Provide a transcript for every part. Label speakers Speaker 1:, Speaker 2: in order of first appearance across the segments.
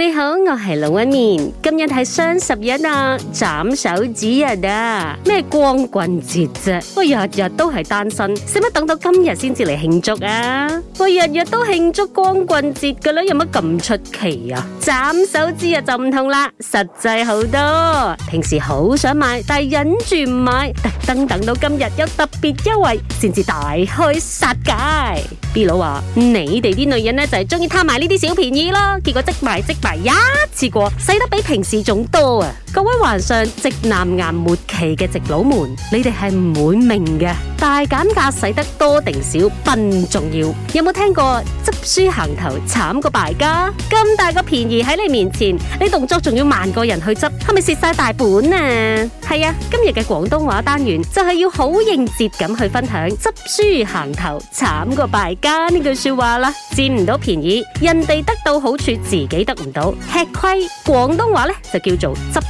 Speaker 1: 你好，我係龍紋敏，今日係雙十一啊，斬手指日啊，咩光棍節啫，我日日都係單身，使乜等到今日先至嚟慶祝啊？我日日都慶祝光棍節噶啦，有乜咁出奇啊？斬手指日就唔同啦，實際好多，平時好想買，但係忍住唔買，特登等到今日有特別優惠，先至大開殺戒。B 佬話：你哋啲女人咧就係中意貪買呢啲小便宜咯，結果即買即買。第一、哎、次過，細得比平時仲多啊！各位患上直男癌末期嘅直佬們，你哋係唔會明㗎。大減價使得多定少，笨，重要。有冇有聽過執輸行頭慘過敗家？咁大個便宜喺你面前，你動作仲要慢個人去執，係咪蝕晒大本啊？係啊，今日嘅廣東話單元就係要好應節咁去分享執輸行頭慘過敗家呢句說話啦。佔唔到便宜，人哋得到好處，自己得唔到，吃虧。廣東話呢就叫做執。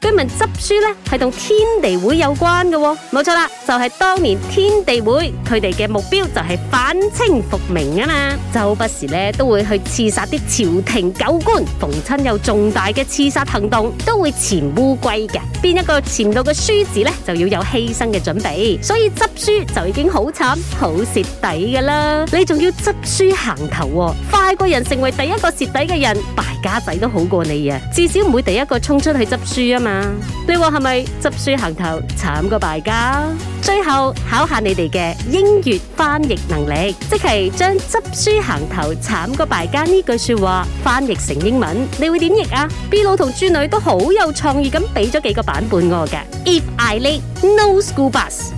Speaker 1: 居民執書呢係同天地會有關嘅、喎，冇錯啦，就係、是、當年天地會佢哋嘅目標就係反清復明啊嘛，周不時呢都會去刺殺啲朝廷狗官，逢親有重大嘅刺殺行動都會潛烏龜嘅，邊一個潛到嘅書字呢，就要有犧牲嘅準備，所以執。輸就已經好慘，好蝕底噶啦。你仲要執輸行頭，哦，快過人成為第一個蝕底嘅人，敗家仔都好過你啊。至少唔會第一個衝出去執輸啊嘛。你話係咪執輸行頭慘過敗家？最後考下你哋嘅英語翻譯能力，即係將執輸行頭慘過敗家呢句說話翻譯成英文，你會點譯啊？B 佬同豬女都好有創意咁，俾咗幾個版本我嘅。If I leave no school bus。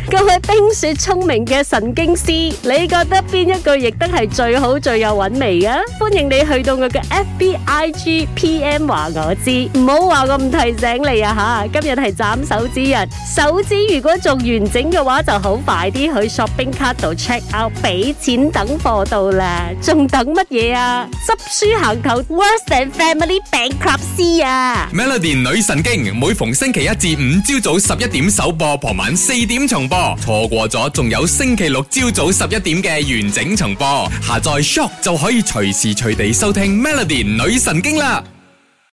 Speaker 1: 各位冰雪聰明嘅神經師，你覺得邊一句亦都係最好、最有韻味嘅？歡迎你去到我嘅 F B I G P M 話我知，唔好話我唔提醒你啊吓！今日係斬手指日，手指如果仲完整嘅話，就好快啲去 shopping cart 度 check out，俾錢等貨到啦，仲等乜嘢啊？執輸行頭，worse than family bankruptcy 啊
Speaker 2: ！Melody 女神經，每逢星期一至五朝早十一點首播，傍晚四點重播。錯過咗，仲有星期六朝早十一點嘅完整重播。下載 Shock 就可以隨時隨地收聽 Melody 女神經啦。